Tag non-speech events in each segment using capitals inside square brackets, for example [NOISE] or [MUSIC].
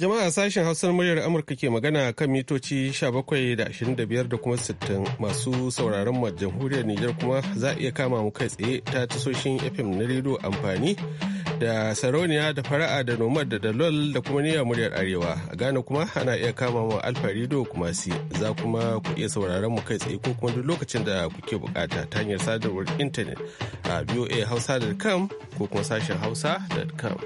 Jama'a sashen Hausar muryar Amurka ke magana kan mitoci 17.25 da kuma 60 masu sauraron mu jamhuriyar Nijar kuma za a iya kama mu kai tsaye ta tasoshin FM na rediyo amfani da sarauniya da fara'a da nomad da dalol da kuma niyyar muryar arewa a Ghana kuma ana iya kama mu alfa rido kuma si za kuma ku iya sauraron mu kai tsaye ko kuma duk lokacin da kuke bukata ta hanyar sadarwar intanet a voahausa.com ko kuma sashen hausa.com.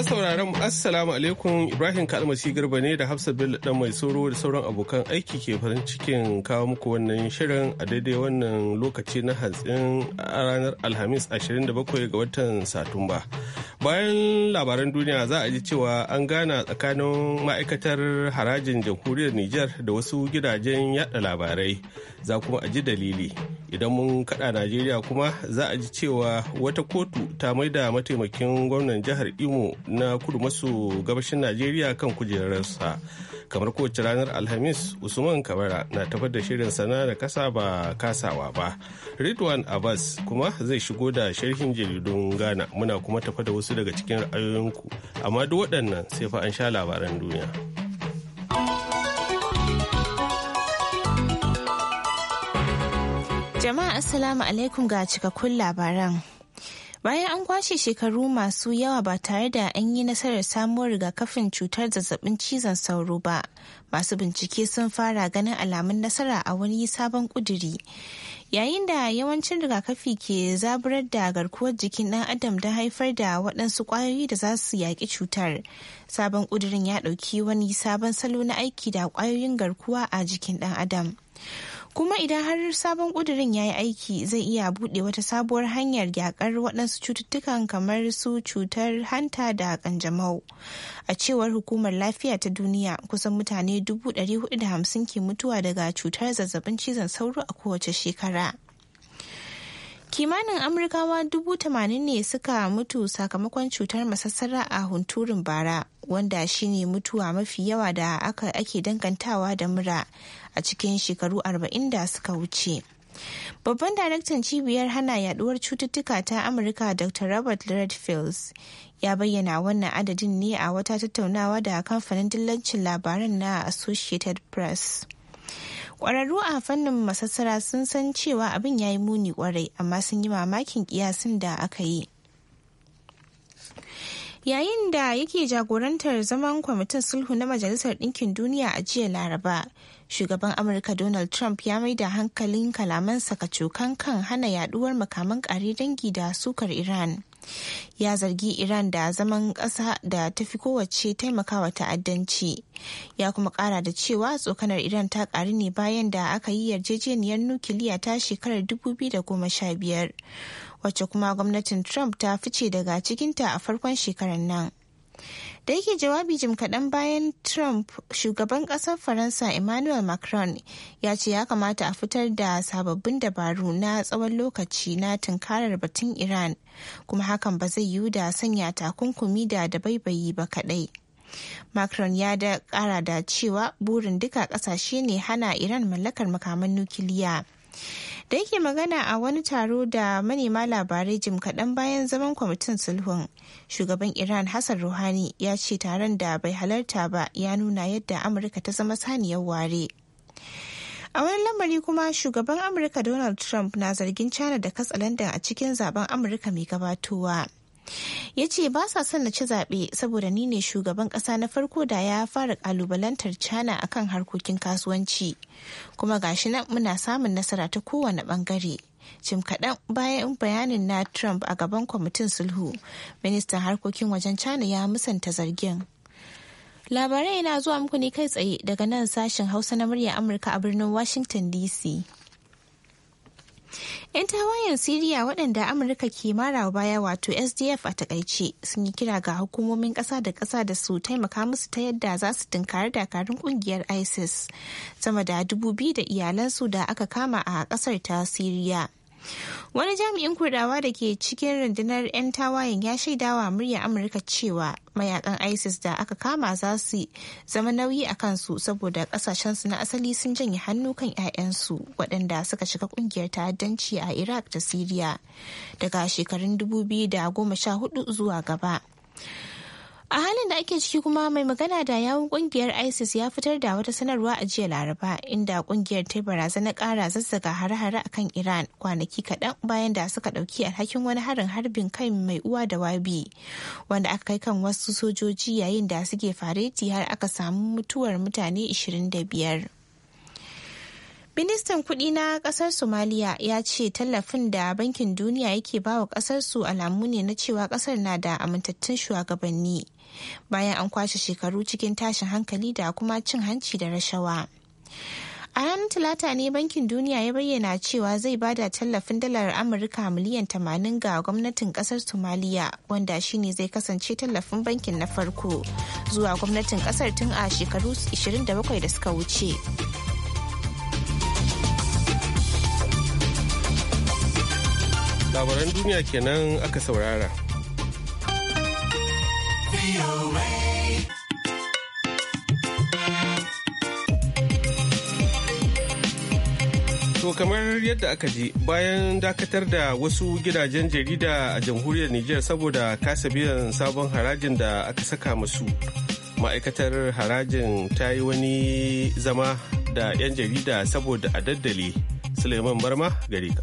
Masu sauraron Assalamu alaikum Ibrahim Kalmasi Garba ne da Hafsa Bello dan mai soro da sauran abokan aiki ke farin cikin kawo muku wannan shirin a daidai wannan lokaci na hantsin ranar Alhamis 27 ga watan Satumba. Bayan labaran duniya za a ji cewa an gana tsakanin ma'aikatar harajin jamhuriyar Nijar da wasu gidajen yada labarai za kuma a ji dalili. idan mun kada najeriya kuma za a ji cewa wata kotu ta maida mataimakin gwamnan jihar imo na kudu maso gabashin najeriya kan kujerarsa kamar kowace ranar alhamis usman kamara na tafar da shirin sana da kasa ba kasawa ba ridwan abbas kuma zai shigo da sharhin jaridun ghana muna kuma tafa da wasu daga cikin ra'ayoyinku amma duk waɗannan sai fa an sha labaran duniya. Jama'a Assalamu alaikum ga cikakkun labaran. Bayan an kwashe shekaru masu yawa ba tare da an yi nasarar samun rigakafin cutar zazzabin cizon sauro ba, masu bincike sun fara ganin alamun nasara a wani sabon kuduri. Yayin da yawancin rigakafi ke zaburar da garkuwar jikin ɗan adam don haifar da waɗansu ƙwayoyi da za su yaƙi cutar, sabon kudirin ya ɗauki wani sabon salo na aiki da ƙwayoyin garkuwa a jikin ɗan adam. kuma idan har sabon ƙudurin ya yi aiki zai iya buɗe wata sabuwar hanyar yakar waɗansu cututtukan kamar su cutar hanta da kanjamau a cewar hukumar lafiya ta duniya kusan mutane 450 ke mutuwa daga cutar zazzabin cizon sauro a kowace shekara kimanin amurkawa dubu tamanin ne suka mutu sakamakon cutar masassara a hunturun bara wanda shine mutuwa mafi yawa da aka ake dangantawa da mura a cikin shekaru 40 da suka wuce babban daraktan cibiyar hana yaduwar cututtuka ta amurka dr robert redfields ya bayyana wannan adadin ne a wata tattaunawa da kamfanin dillancin labaran na associated press kwararru a fannin masassara sun san cewa abin ya yi muni kwarai amma sun yi mamakin kiyasin da aka yi. Yayin da yake jagorantar zaman kwamitin sulhu na Majalisar Ɗinkin Duniya a jiya Laraba, shugaban Amurka Donald Trump ya mai da hankalin kalamansa cokan kan hana yaduwar makaman ƙare dangi da sukar Iran. ya zargi Iran da zaman ƙasa da ta fi kowace taimakawa ta'addanci. Ya kuma ƙara da cewa tsokanar Iran ta ƙaru ne bayan da aka yi yarjejeniyar nukiliya ta shekarar 2015, wacce kuma gwamnatin Trump ta fice daga cikinta a farkon shekarar nan. da yake jawabi jim kaɗan bayan trump shugaban ƙasar faransa emmanuel macron ya ce ya kamata a fitar da sababbin dabaru na tsawon lokaci na tunkarar batun iran kuma hakan ba zai yiwu da sanya takunkumi da dabaibayi ba kaɗai macron ya da ƙara da cewa burin duka ƙasashe ne hana iran mallakar makaman nukiliya da yake magana a wani taro da manema labarai jim kaɗan bayan zaman kwamitin sulhun shugaban iran hassan ruhani ya ce taron da bai halarta ba ya nuna yadda amurka ta zama saniyar ware a wani lamari kuma shugaban amurka donald trump na zargin china da katsalandan a cikin zaben amurka mai gabatowa ya ce ba sa son na ci zaɓe saboda ni ne shugaban ƙasa na farko da ya fara ƙalubalantar China akan harkokin kasuwanci kuma gashi nan muna samun nasara ta kowane ɓangare cim kaɗan bayan bayanin na trump a gaban kwamitin sulhu ministan harkokin wajen China ya musanta zargin labarai na zuwa muku ne kai tsaye daga nan sashen hausa na murya amurka a birnin washington dc 'Yan tawayen Siriya waɗanda Amurka ke mara baya wato SDF a takaice sun yi kira ga hukumomin ƙasa da ƙasa da su taimaka musu ta yadda za su tunkari dakarun ƙungiyar ISIS sama da dubu biyu da iyalansu da aka kama a ƙasar ta Siriya. wani jami'in kurdawa da ke cikin rundunar 'yan tawayen ya shaidawa murya amurka cewa mayakan isis da aka kama za su zama nauyi a kansu saboda kasashensu na asali sun janye hannu kan 'ya'yansu waɗanda suka shiga kungiyar ta'addanci a iraq da syria daga shekarun 2014 zuwa gaba a halin da ake ciki kuma mai magana da yawun kungiyar isis ya fitar da wata sanarwa a jiya laraba inda kungiyar ta barazana kara zazzaga hare-hare akan iran kwanaki kaɗan bayan da suka ɗauki alhakin wani harin harbin kai mai uwa da wabi wanda aka kai kan wasu sojoji yayin da suke fareti har aka samu mutuwar mutane 25 ministan kudi na kasar somaliya ya ce tallafin da bankin duniya yake ba wa su alamu ne na cewa kasar na da amintattun shugabanni bayan an kwashe shekaru cikin tashin hankali da kuma cin hanci da rashawa a ranar talata ne bankin duniya ya bayyana cewa zai ba da tallafin dalar amurka miliyan tamanin ga gwamnatin kasar somaliya wanda shi ne zai kasance tallafin bankin na farko zuwa gwamnatin kasar tun a shekaru 27 da suka wuce labaran duniya kenan aka saurara. To kamar yadda aka ji bayan dakatar da wasu gidajen jarida a jamhuriyar Nijar saboda kasa biyan sabon harajin da aka saka musu. Ma'aikatar harajin ta yi wani zama da 'yan jarida saboda a daddale. Suleiman Barma gari ka.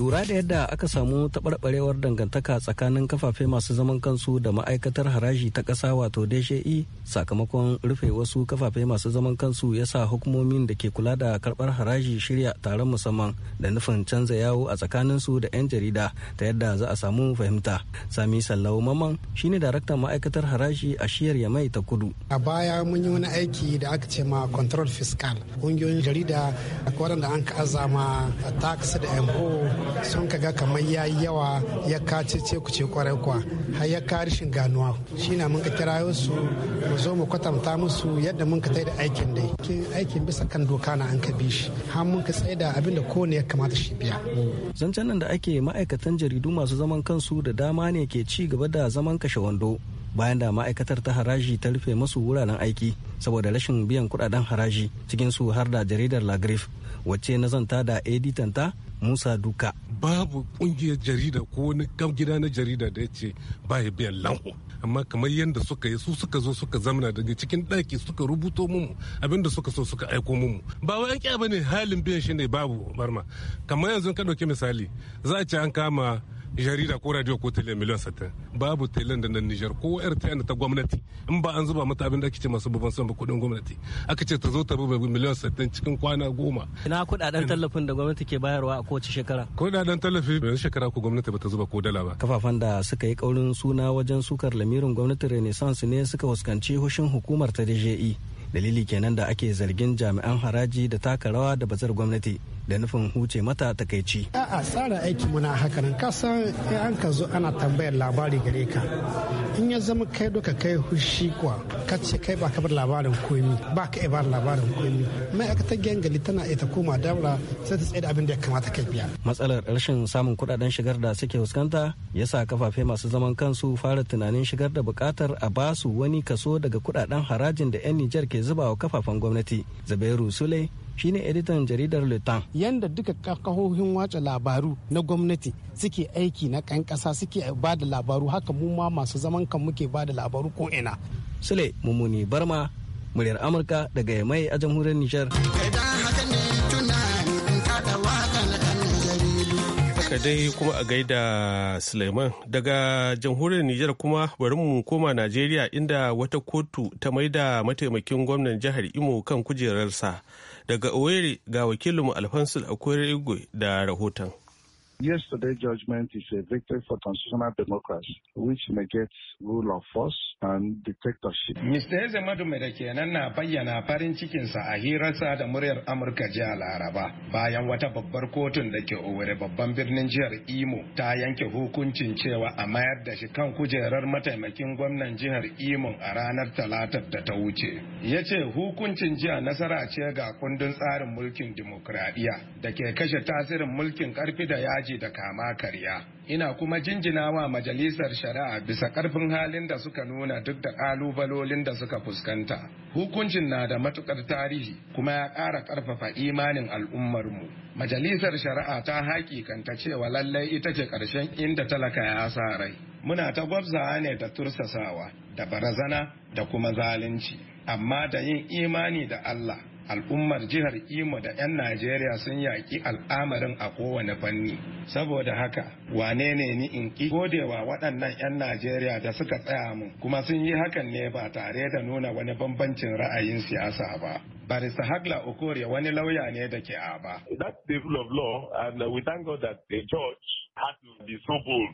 lura da yadda aka samu taɓarɓarewar dangantaka tsakanin kafafe masu zaman kansu da ma'aikatar haraji ta ƙasa wato DSHE sakamakon rufe wasu kafafe masu zaman kansu ya sa hukumomin da ke kula da karɓar haraji shirya taron musamman da nufin canza yawo a tsakanin su da 'yan jarida ta yadda za a samu fahimta. Sami Sallau Maman shine daraktan ma'aikatar haraji a shiyar Yamai ta Kudu. A baya mun yi wani aiki da aka ce ma control fiscal. Ƙungiyoyin jarida akwai waɗanda an ka azama tax da MO sun ga kamar ya yi yawa ya kace ce ku ce kwarai kuwa har ya ka rishin ganuwa shi na mun ka kira su mu zo mu kwatanta musu yadda mun ka da aikin dai aikin bisa kan doka na an ka bi shi har mun ka tsaida abin da kowane ya kamata shi biya. zancen nan da ake ma'aikatan jaridu masu zaman kansu da dama ne ke ci gaba da zaman kashe wando bayan da ma'aikatar ta haraji ta rufe masu wuraren aiki saboda rashin biyan kudaden haraji cikin su har da jaridar lagrif wacce na zanta da editanta musa duka babu ƙungiyar jarida ko wani gida na jarida da ya ce ba ya biyan lanho amma kamar yadda suka yi su suka zo suka zamana daga cikin ɗaki suka rubuto mumu da suka so suka aiko mumu ba wai an ba ne halin biyan shi ne babu barma kamar yanzu ka ɗauki misali za a ce an kama jarida ko radio ko tele miliyan satin babu telen da nan nijar ko rtn ta gwamnati in ba an zuba mata abin da ake ce masu babban son kudin gwamnati aka ce ta zo ta rubuta miliyan satin cikin kwana goma ina kuɗaɗen tallafin da gwamnati ke bayarwa a kowace shekara kuɗaɗen tallafi yanzu shekara ko gwamnati bata zuba ko dala ba kafafan da suka yi kaurin suna wajen sukar lamirin gwamnatin renaissance ne suka fuskanci hushin hukumar ta dje dalili kenan da ake zargin jami'an haraji da taka rawa da bazar gwamnati da nufin huce mata takaici. A'a tsara aiki muna hakanan kasan an ka zo ana tambayar labari gare ka in ya zama kai duka kai hushi kuwa ka ce kai ba ka bar labarin komi ba ka bar labarin komi ma'aikatar gangali tana ita koma dabra sai ta tsaye da abin da ya kamata kai biya. Matsalar rashin samun kuɗaɗen shigar da suke fuskanta ya sa kafafe masu zaman kansu fara tunanin shigar da bukatar a basu wani kaso daga kuɗaɗen harajin da 'yan Nijar ke zubawa kafafen gwamnati. Zubairu Sule shine editan jaridar litan Yanda duka kahohin watsa labaru na gwamnati suke aiki na kan kasa suke ba da labaru haka mu ma masu zaman kan muke ba da labaru ko ina. Sule Mumuni Barma muryar Amurka daga Yamai a jamhuriyar Nijar. dai kuma a gaida suleiman daga jamhuriyar nijar kuma bari mu koma najeriya inda wata kotu ta maida mataimakin gwamnan jihar imo kan kujerarsa Daga Owerri ga wakilinmu Alfonso Akwere Igwe da rahoton. Yesterday's judgment is a victory for constitutional democracy, which negates rule of force and dictatorship. Mr. Ezemadu da kenan na bayyana farin cikinsa a hirarsa da muryar Amurka jiya Laraba bayan wata babbar kotun da ke Owerri babban birnin jihar Imo ta yanke hukuncin cewa a mayar da shi kan kujerar mataimakin gwamnan jihar Imo a ranar Talatar da ta wuce. Ya ce hukuncin jiya nasara ce ga kundin tsarin mulkin dimokuraɗiyya da ke kashe tasirin mulkin ƙarfi da yaji yaji da kama karya. Ina kuma jinjinawa majalisar shari'a bisa karfin halin da suka nuna duk da kalubalolin da suka fuskanta. Hukuncin na da matukar tarihi kuma ya ƙara ƙarfafa imanin al'ummarmu. Majalisar shari'a ta hakikanta cewa lallai ita ce ƙarshen inda talaka ya sa rai. Muna ta gwabza ne da tursasawa, da barazana, da kuma zalunci. Amma da yin imani da Allah al'ummar jihar imo da 'yan najeriya sun yaƙi al'amarin a kowane fanni saboda haka wane ne ni in ki godewa waɗannan 'yan najeriya da suka tsaya mun kuma sun yi hakan ne ba tare da nuna wani bambancin ra'ayin siyasa ba Barista Hagla Okorie wani lauya ne da ke aba. That's the rule of law and we thank God that the judge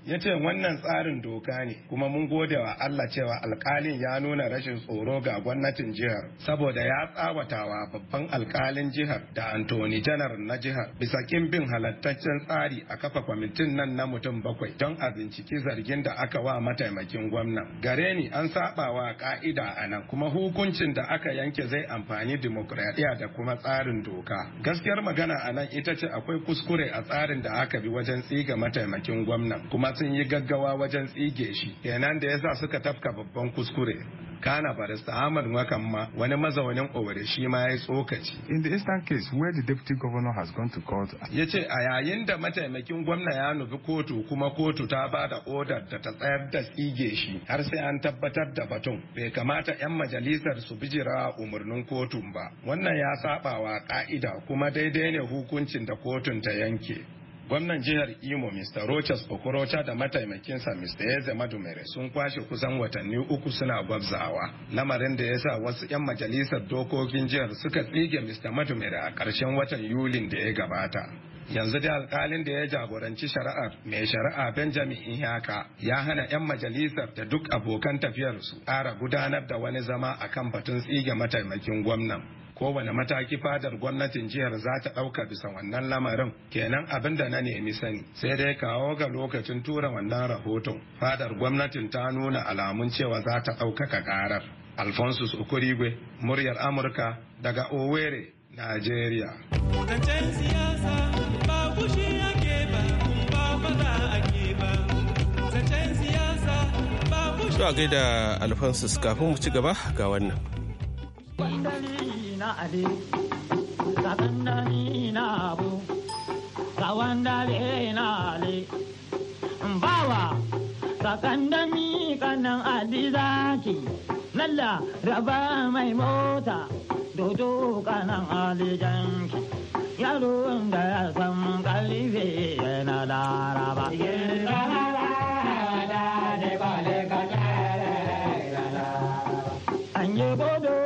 Ya ce wannan tsarin doka ne kuma mun gode wa Allah cewa alkalin ya nuna rashin tsoro ga gwamnatin jihar saboda ya tsawatawa babban alkalin jihar da Antoni Janar na jihar bisa kin bin halattaccen tsari a kafa kwamitin nan na mutum bakwai don a binciki zargin da aka wa mataimakin gwamna. Gare ni an saba wa ka'ida a nan kuma hukuncin da aka yanke zai amfani dimokuraɗiyya da kuma tsarin doka. Gaskiyar magana a nan ita ce akwai kuskure a tsarin da aka bi wajen tsiga mata mataimakin gwamnan kuma sun yi gaggawa wajen tsige shi kenan da yasa suka tafka babban kuskure kana barista ahmad wakan ma wani mazaunin owere shi ma ya tsokaci in the instant case where the deputy governor has gone to court ya ce a yayin da mataimakin gwamna ya nufi kotu kuma kotu ta ba da odar da ta tsayar da tsige shi har sai an tabbatar da batun bai kamata 'yan majalisar su bijira umarnin kotun ba wannan ya sabawa ka'ida kuma daidai ne hukuncin da kotun ta yanke Gwamnan jihar Imo Mr. Rochas Okorocha da mataimakinsa Mr. Eze Madumere sun kwashe kusan watanni uku suna gwabzawa. Lamarin da ya sa wasu 'yan majalisar dokokin jihar suka tsige Mr. Madumere a ƙarshen watan Yulin da ya gabata. Yanzu da alkalin da ya jagoranci shari'ar mai shari'a Benjamin inyaka ya hana 'yan majalisar da duk abokan tafiyarsu ƙara gudanar da wani zama akan batun tsige mataimakin gwamnan. kowane mataki fadar gwamnatin jihar za ta ɗauka bisa wannan lamarin kenan abin da na nemi sani sai dai kawo ga lokacin tura wannan rahoton fadar gwamnatin ta nuna alamun cewa za ta ɗaukaka ƙarar alphonsus Okurigwe muryar amurka daga owerri nigeria Zuwa gaida Alphonsus kafin mu ci gaba ga wannan. Kwandali na ale, na abu, na ale. Bawa, sakandami kanan alizaki, lalla raba mai mota, dodo kanan alijanki. Yaron da ya san kalife yana laraba. Yana an yi bodo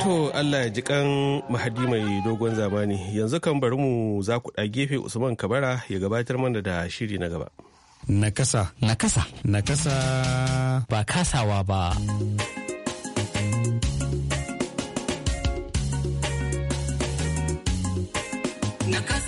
To Allah ya ji kan mahadi mai dogon zamani yanzu kan bari mu za ku ɗa gefe Usman Kabara ya gabatar mana da shiri na gaba. Nakasa. Nakasa. Nakasa. Ba kasawa ba. Nakasa.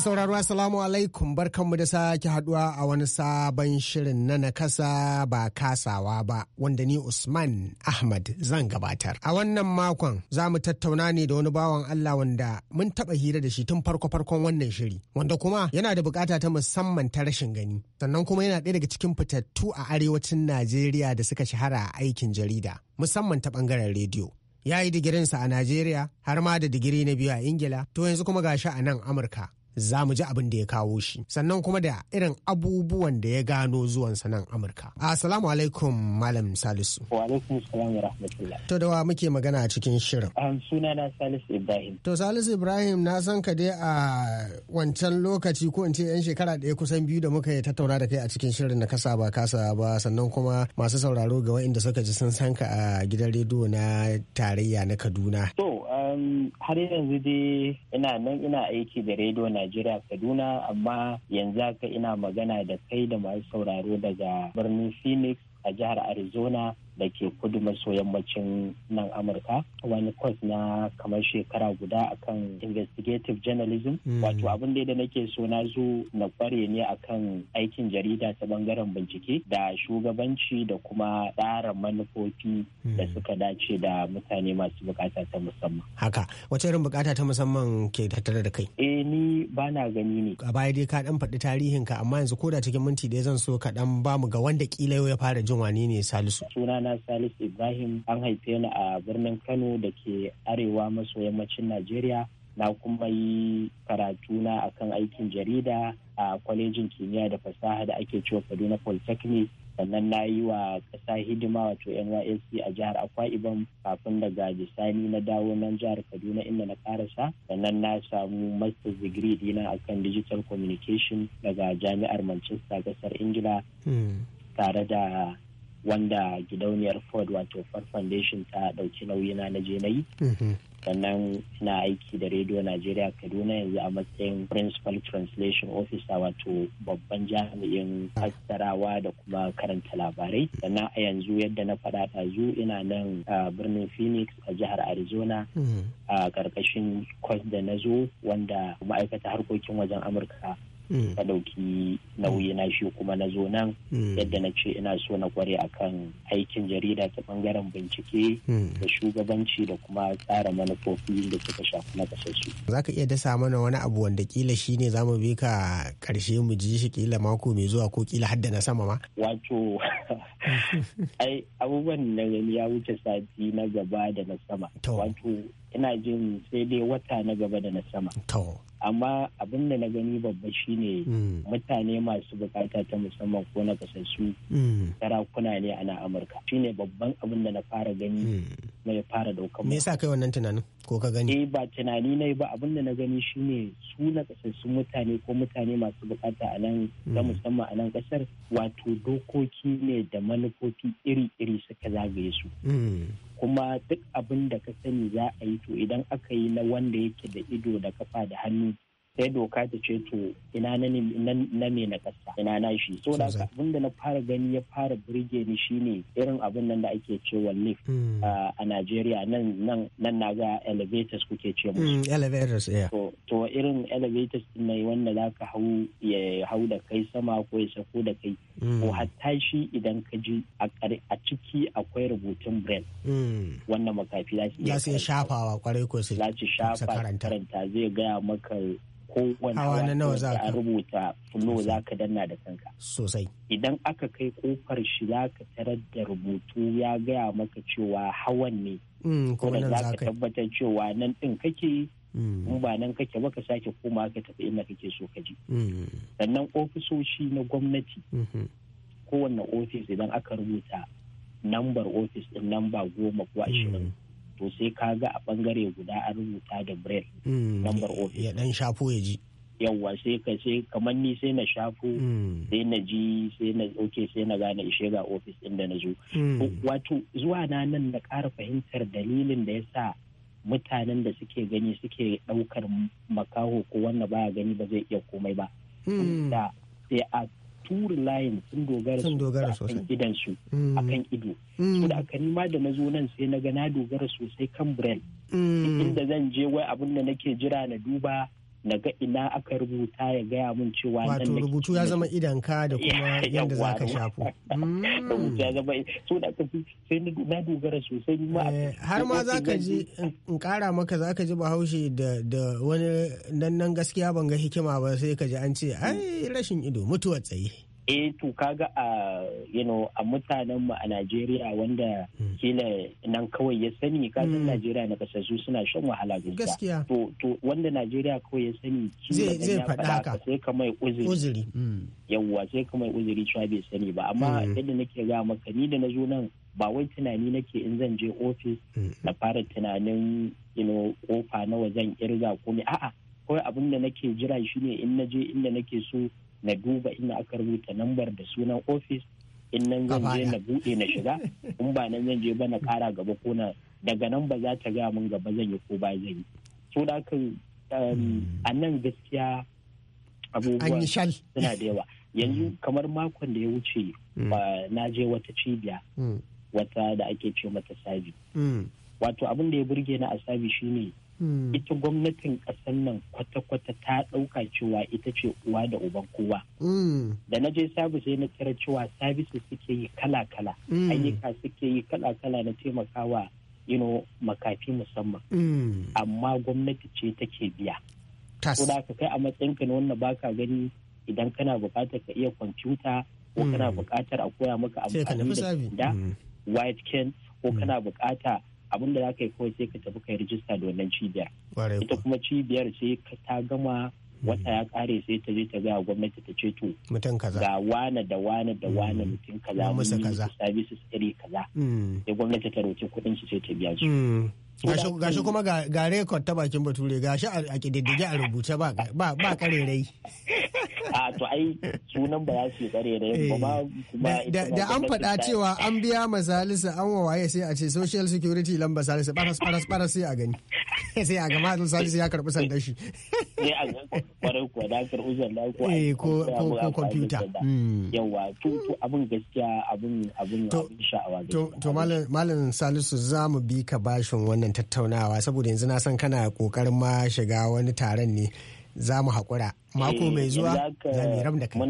Mai sauraro Assalamu alaikum barkanmu da sake haduwa a wani sabon shirin na kasa ba kasawa ba wanda ni Usman Ahmad zan gabatar. A wannan makon za mu tattauna ne da wani bawan Allah wanda mun taba hira da shi tun farko-farkon wannan shiri wanda kuma yana da bukata ta musamman ta rashin gani. Sannan kuma yana ɗaya daga cikin fitattu a arewacin Najeriya da suka shahara a aikin jarida musamman ta bangaren rediyo. Ya yi digirinsa a Najeriya har ma da digiri na biyu a Ingila to yanzu kuma gashi a nan Amurka. za mu ji abin da ya kawo shi sannan kuma da irin abubuwan da ya gano zuwan sanan amurka assalamu alaikum malam salisu wa alaikum salam wa rahmatullah to da wa muke magana a cikin shirin an suna na salisu ibrahim to salisu ibrahim na san ka dai a wancan lokaci ko in ce yan shekara daya kusan biyu da muka yi tattauna da kai a cikin shirin na kasa ba kasa ba sannan kuma masu sauraro ga waɗanda suka ji sun san ka a gidan rediyo na tarayya na kaduna to har yanzu dai ina nan ina aiki da rediyo na Najeriya Kaduna amma yanzu haka ina magana da kai da masu sauraro daga birnin Phoenix a jihar Arizona da ke kudu maso yammacin nan amurka wani kwas na kamar shekara guda akan investigative journalism hmm. wato abin da nake so na zo na kware ne akan aikin jarida ta bangaren bincike da shugabanci da kuma tsara manufofi hmm. da suka dace da mutane masu bukata ta musamman haka wace irin bukata ta musamman ke tattare da kai eh ni bana gani ne a baya dai ka dan faɗi tarihin ka amma yanzu koda cikin minti da zan so ka dan bamu ga wanda kila yau ya fara jin wani ne salisu sunana sunana Salis Ibrahim an haife ni a birnin Kano da ke arewa maso yammacin Najeriya. Na kuma yi karatuna akan aikin jarida a kwalejin kimiyya da fasaha da ake cewa Kaduna Polytechnic sannan na yi wa ƙasa hidima wato nysc a jihar akwa ibom kafin daga bisani na dawo nan jihar kaduna inda na karasa sannan na samu master's degree dina akan digital communication daga jami'ar manchester ƙasar ingila hmm. tare da wanda gidauniyar ford wato ford foundation ta ɗauki nauyina na je na yi mm-hmm. sannan ina aiki da radio najeriya kaduna yanzu a matsayin principal translation officer wato babban jami'in fassarawa da kuma karanta labarai sannan a yanzu yadda na faɗa ɗazu ina nan a birnin phoenix a jihar arizona mm-hmm. a ƙarƙashin kwas da na zo wanda ma'aikata harkokin wajen amurka ta mm. dauki nauyi na shi kuma na zo nan mm. yadda na ce ina so na kware akan aikin jarida ta bangaren bincike mm. da shugabanci da kuma tsara manufofi da suka shafi na kasassu. Za ka iya dasa mana wani abu wanda kila shi ne zamu mu bi ka karshe mu ji shi kila mako mai zuwa ko kila hadda na sama ma? Wato, [LAUGHS] ai abubuwan na ya wuce sati na gaba da na sama. Wato, ina jin sai dai wata na gaba da na sama amma abin da na gani babba shine hmm. mutane masu bukata ta musamman ko na kasassu hmm. sarakuna ne a na amurka shine babban abin da na fara gani hmm. mai fara daukan me yasa kai wannan tunanin ko ka gani eh ba tunani ne ba abin da na gani shine su na kasassu mutane ko mutane masu bukata a nan ta musamman a nan kasar wato dokoki ne da manufofi iri-iri suka zagaye su kuma duk abin da ka sani za a yi to idan aka yi na wanda yake da ido da kafa da hannu sai doka ta ce to ina na me na kasa ina na shi so da abin da na fara gani ya fara burge ni shine irin abin nan da ake cewa lift hmm. uh, a Najeriya nan nan nan na ga elevators kuke ce musu hmm, elevators yeah to irin elevators mai wanda zaka hau ya hau da kai sama ko ya sako da kai ko hmm. hatta shi idan ka ji a ciki akwai rubutun braille wannan makafi za su iya shafawa kwarai ko su shafa karanta zai gaya maka kowane wani ka rubuta fulo za ka danna da kanka sosai idan aka kai kofar shi za ka tarar da rubutu ya gaya maka cewa hawan ne mm, kuma za ka tabbatar cewa nan din kake mm. in ba nan kake ba ka sake koma ka tafi inda kake so ka je mm. sannan ofisoshi na gwamnati mm-hmm. kowanne ofis idan aka rubuta nambar ofis din namba goma ko ashirin to sai ka ga a bangare guda an rubuta da braille lambar hmm. ofis ya dan shafo ya ji yawwa sai ka sai kamar ni sai na shafo hmm. sai na ji sai na okay sai na gane ishe ga ofis din da na zo hmm. wato zuwa na nan na ƙara fahimtar dalilin da yasa mutanen da suke gani suke daukar makaho ko wanda baya gani ba zai iya komai ba da sai a turi layin sun dogara sosai a kan idan su mm. akan ido mm. saboda aka nima da na zo nan sai na ga na dogara sosai kan brand. Mm. inda zan je wai abin da nake jira na duba na ga ina aka rubuta ya gaya mun cewa wato rubutu ya zama idan ka da kuma [LAUGHS] yadda za ka shafu [LAUGHS] so da aka sai na dogara sosai ma eh, har ma za ka ji in kara maka za ka ji bahaushe da wani nan gaskiya ban ga hikima ba sai ka ji an ce ai rashin ido mutuwa tsaye eh to kaga a you know a mutanen mu a Najeriya wanda hmm. kila nan kawai ya sani kaga hmm. Najeriya na su suna shan wahala gaskiya to to wanda Najeriya kawai ya sani zai zai faɗa haka sai ka mai uzuri hmm. yawwa sai ka mai uzuri cewa bai sani ba amma yadda nake ga maka ni da na zo nan ba wai tunani nake in zan je ofis na fara tunanin you know kofa nawa zan kirga komai a'a kawai abin da nake jira shine in na je inda nake so na duba ina aka rubuta lambar da sunan ofis in nan zan je na buɗe na shiga in ba nan zan ba na kara gaba ko na daga nan ba za ta gaya min gaba zan yi ko ba zan yi so da kan um, hmm. a nan gaskiya abubuwa suna da yawa yanzu hmm. kamar makon da ya wuce hmm. na je wata cibiya wata da ake ce mata sabi wato abin da ya burge na a sabi shine Hmm. ita gwamnatin ƙasar nan kwata-kwata ta ɗauka cewa ita ce uwa da uban kowa. Hmm. Da na je sabis sai na tsira cewa sabisu suke yi kala-kala, hmm. ayyuka suke yi kala-kala na taimakawa ino makafi musamman. Amma gwamnati ce take biya. Ko da ka kai a matsayinka na wannan baka gani idan kana buƙatar ka iya kwamfuta ko kana buƙatar a koya maka amfani da wide can ko kana bukata. abin da za ka yi kawai sai ka tafi ka yi rijista da wannan cibiyar ita kuma cibiyar sai ta gama hmm. wata ya kare sai ta je ta ga gwamnati ta ce to ga wane da wane da wane hmm. mutum kaza musu kaza services iri kaza hmm. sai gwamnati ta roki kuɗin su sai ta biya su gashi kuma ga record ta bakin bature gashi a kididdige a rubuce ba karerai [LAUGHS] a [LAUGHS] ah, to ai sunan ba ya ce kare da ba eh. da an faɗa cewa an biya ma Salisu an wawaye sai a ce social security lamba Salisu baras baras baras sai a gani [LAUGHS] sai a gama Salisu ya karɓi sandar shi [LAUGHS] sai a kwarai ko da karɓi sandar ko eh ko ko computer hmm. yawa to to abin gaskiya abin abin sha'awa to to malam Salisu za mu bi ka bashin wannan tattaunawa saboda yanzu na san kana kokarin ma shiga wani taron ne za mu haƙura mako eh, mai zuwa za mu ram da kai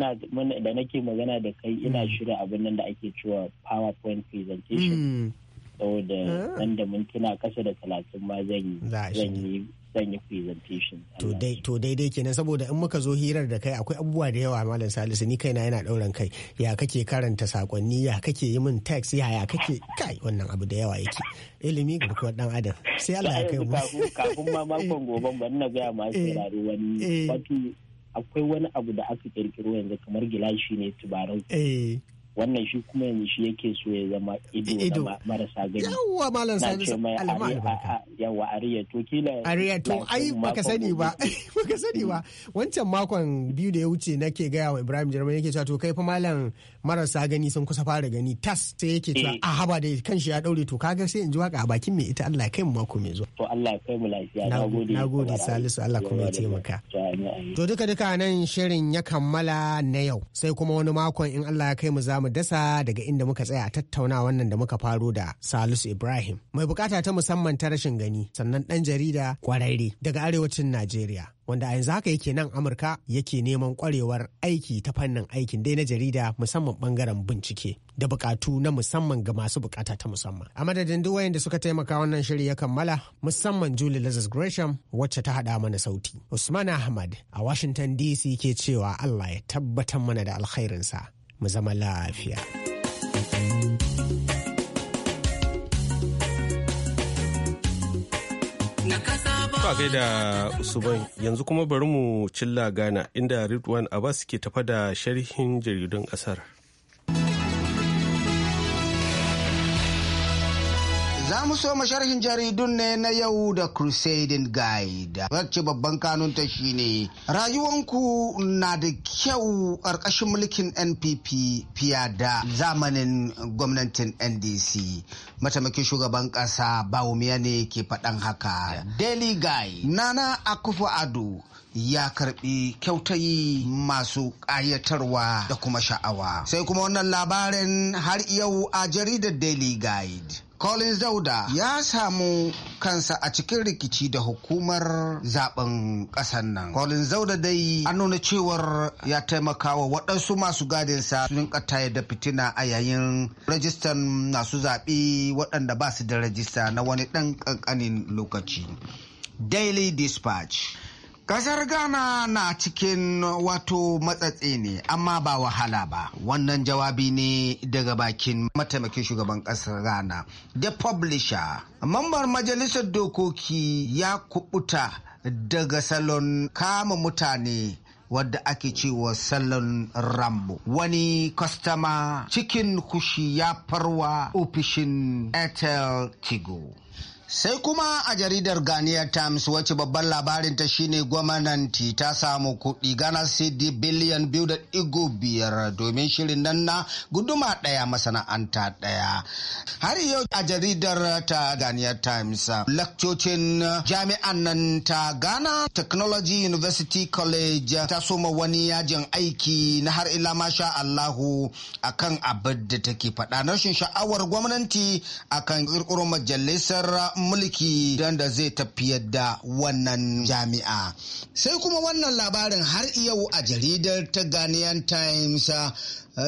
da nake magana da kai ina hmm. shirya abin nan da ake cewa powerpoint presentation hmm. saboda ah. wanda mintuna kasa da talatin ma zan yi sanya presentation. To daidai kenan saboda in muka zo hirar da kai akwai abubuwa da yawa malam salisu ni kaina yana ɗauran kai ya kake karanta sakonni ya kake yi min text ya ya kake kai wannan abu da yawa yake ilimi garkuwar dan adam sai Allah ya kai mu. Kafin ma makon gobe ban na gaya ma eh, sauraro wani eh. wato akwai wani abu da aka kirkiro yanzu kamar gilashi ne tubarau. Eh. wannan shi kuma yanzu shi yake so ya zama ido na marasa gani yawwa malam sani alama albarka yawwa ariya to kila ariya to ai baka sani ba [LAUGHS] baka sani ba wancan makon biyu da ya wuce nake gaya wa Ibrahim Jarman yake cewa to kai fa malam marasa gani sun kusa fara gani tas ta yake cewa eh. a haba da kanshi ya daure to kaga sai in ji waka a bakin me ita Allah kai mu mako mai zuwa to Allah kai mu lafiya nagode nagode Salisu Allah kuma ya taimaka to duka duka nan shirin ya kammala na yau sai kuma wani makon in Allah ya kai mu za mu dasa daga inda muka tsaya a tattauna wannan da muka faro da Salisu Ibrahim. Mai bukata ta musamman ta rashin gani sannan ɗan jarida kwararre daga arewacin Najeriya. Wanda a yanzu haka yake nan Amurka yake neman kwarewar aiki ta fannin aikin dai na jarida musamman bangaren bincike da bukatu na musamman ga masu bukata ta musamman. A madadin duk da suka taimaka wannan shiri ya kammala musamman Julie Lazarus Gresham wacce ta haɗa mana sauti. Usman Ahmad a Washington DC ke cewa Allah ya tabbatar mana da alkhairinsa. mu zama lafiya. Ba da Usman yanzu kuma bari mu cilla Ghana inda Ridwan Abbas ke tafa da sharhin jaridun ƙasar. Za mu so sharhin jaridun ne na yau da Crusading Guide. Wacce babban kanunta ne rayuwanku na da kyau ƙarƙashin mulkin NPP fiye da zamanin gwamnatin NDC. Mataimakin shugaban ƙasa Bawumiya ne ke faɗan haka. Daily Guide. Nana Akufo Ado ya karɓi kyautayi masu ƙayatarwa da kuma sha'awa. Sai kuma wannan labarin har yau a jaridar Daily Guide. collins dauda ya samu kansa a cikin rikici da hukumar zaben kasan nan collins dauda dai an nuna cewar ya taimakawa waɗansu masu gadinsa sun ƙata da fitina a yayin rajistan masu zaɓe waɗanda ba su da rajista na wani ɗan ƙanƙanin lokaci daily dispatch Kasar Ghana na cikin wato matsatse ne amma ba wahala ba. Wannan jawabi ne daga bakin mataimakin shugaban kasar Ghana. The Publisher, mambar majalisar dokoki ya kubuta daga salon kama mutane wadda ake cewa salon rambo wani kwastama cikin kushi ya farwa ofishin airtel tigo Sai kuma a jaridar Ghanaian Times wacce babban labarin ta shine gwamnati ta samu kuɗi Gana CD biliyan biyu da igu biyar domin shirin nan na guduma ɗaya masana'anta ɗaya. Har yau a jaridar ta Ghanaian Times lakcocin jami'an nan ta Ghana Technology University College ta soma wani yajin aiki na har ila masha Allahu akan abin da take faɗa na rashin sha'awar gwamnati akan majalisar mulki don da zai tafiyar da wannan jami'a sai kuma wannan labarin har yau a jaridar ta ganiyan times uh,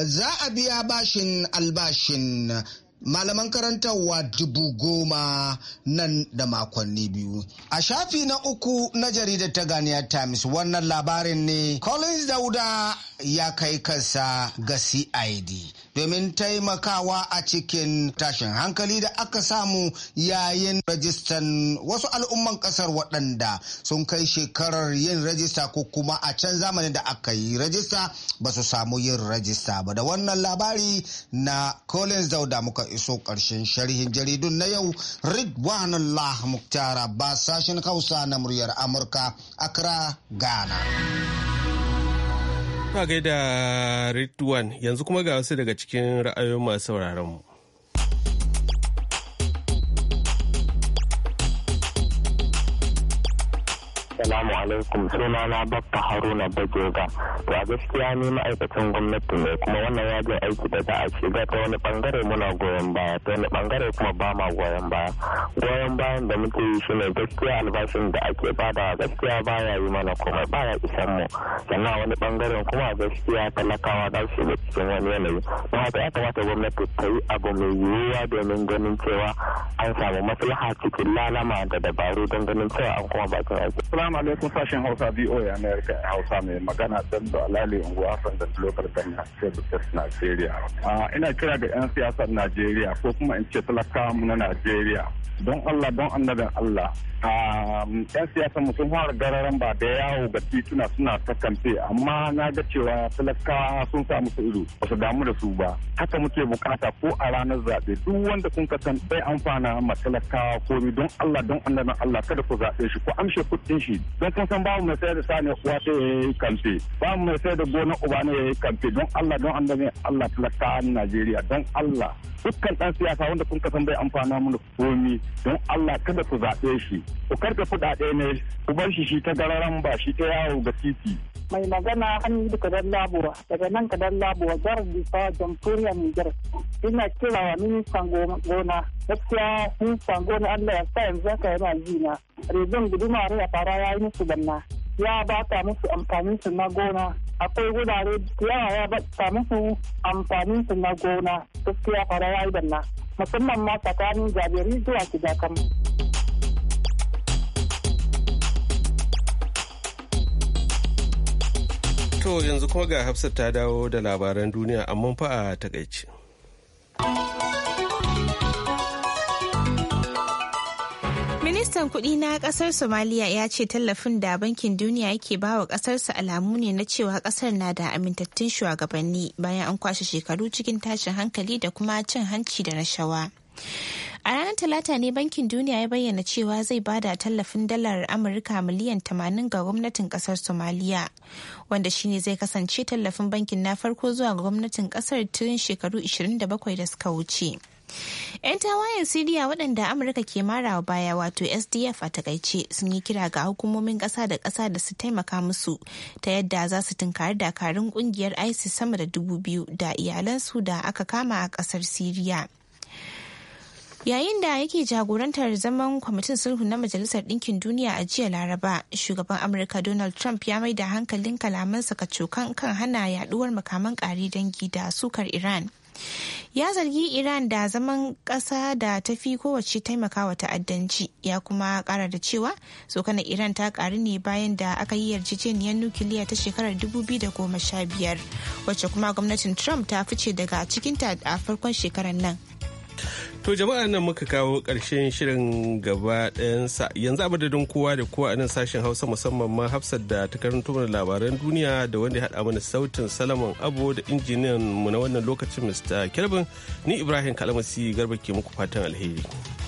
za a biya bashin albashin malaman karantarwa dubu goma nan da makonni biyu. A shafi na uku na jaridar ta Ganiya Times wannan labarin ne Collins Dauda ya kai kansa ga CID domin taimakawa a cikin tashin hankali da aka samu yayin rajistan wasu al'umman kasar waɗanda sun kai shekarar yin rajista ko kuma a can zamanin da aka yi rajista ba su samu yin rajista ba da wannan labari na Collins Dauda muka iso ƙarshen sharhin jaridun na yau Ridwan Allah ba Abbas sashen Hausa na muryar Amurka Accra Ghana. Na gaida Ridwan yanzu kuma ga wasu daga cikin ra'ayoyin masu sauraron mu. Assalamu alaikum suna na Bakka Haruna Bajoga. To a gaskiya ni ma'aikacin gwamnati ne kuma wannan je aiki da za a shiga ta wani bangare muna goyon baya ta wani bangare kuma ba ma goyon baya. Goyon bayan da muke yi shine gaskiya albashin da ake bada gaskiya baya yi mana komai baya isan mu. Sannan wani bangare kuma gaskiya talakawa za su shiga cikin wani yanayi. Don haka ya kamata gwamnati ta yi abu mai yiwuwa domin ganin cewa an samu maslaha cikin lalama da dabaru don ganin cewa an kuma bakin aiki. Assalamu alaikum sashen Hausa BOA America Hausa mai magana don da Alali Unguwa Sandan Local Nigeria. ina kira ga 'yan siyasar Nigeria ko kuma in ce talakawa na Nigeria. don Allah don annabin Allah. ‘Yan siyasa sun fara gararan ba da yawo ga tituna suna ta kamfe amma na ga cewa talakawa sun samu su ido ba su damu da su ba. Haka muke bukata ko a ranar zaɓe duk wanda kun kasan bai amfana ma talakawa komi don Allah don annabin Allah kada ku zaɓe shi ko amshe kuɗin shi gwamnati don kan san babu mai sayar da sani kuwa ya yi kamfe babu mai sayar da gonar uba ne ya yi kamfe don Allah don an dame Allah talaka Najeriya don Allah dukkan dan siyasa wanda kun kasan bai amfana mana komi don Allah kada ku zaɓe shi ku karka kuɗaɗe ne ku bar shi shi ta gararan ba shi ta yawo ga titi mai magana hamidu kadar labuwa daga nan ka kadar labuwa jihar bisa jamhuriyar niger ina kira wa ministan gona gaskiya ministan gona allah ya sa yanzu haka yana na, rezon guduma ya fara ya yi musu banna ya ba ta musu amfanin su na gona akwai wurare yawa ya ba ta musu amfanin su na gona gaskiya fara ya yi banna musamman ma tsakanin jabiri zuwa kidakam. To yanzu kuma ga Hafsat ta dawo da labaran duniya amma fa a takaice. Ministan kuɗi na ƙasar Somaliya ya ce tallafin da bankin duniya yake ba wa ƙasarsa alamu ne na cewa ƙasar na da amintattun shugabanni bayan an kwashe shekaru cikin tashin hankali da kuma cin hanci da rashawa. A ranar Talata ne Bankin Duniya ya bayyana cewa zai bada tallafin dalar Amurka miliyan 80 ga gwamnatin kasar Somaliya, wanda shine zai kasance tallafin bankin na farko zuwa gwamnatin kasar tun shekaru 27 da suka wuce. 'Yan tawayen Siriya waɗanda Amurka ke marawa baya wato SDF a takaice sun yi kira ga hukumomin ƙasa da ƙasa da su taimaka musu ta yadda za su tunkari dakarun ƙungiyar ISIS sama da dubu biyu da iyalansu da aka kama a ƙasar Siriya. yayin da yake jagorantar zaman kwamitin sulhu na majalisar ɗinkin duniya a jiya laraba shugaban amurka donald trump ya mai da hankalin kalamansa cokan kan hana yaduwar makaman ƙari dangi da sukar iran ya zargi iran da zaman ƙasa da ta fi kowace taimakawa ta'addanci ya kuma ƙara da cewa tsokana iran ta ƙaru ne bayan da aka yi yarjejeniyar nukiliya ta shekarar 2015 wacce kuma gwamnatin trump ta fice daga cikinta a farkon shekarar nan To jama'a nan muka kawo ƙarshen shirin gaba ɗayansa yanzu abadadin kowa da kowa a nan sashen Hausa musamman ma Hafsat da ta karanto mana labaran duniya da wanda ya haɗa mana sautin Salaman Abo da injiniyan mu na wannan lokacin Mr. Kirbin ni Ibrahim Kalamasi Garba ke muku fatan alheri.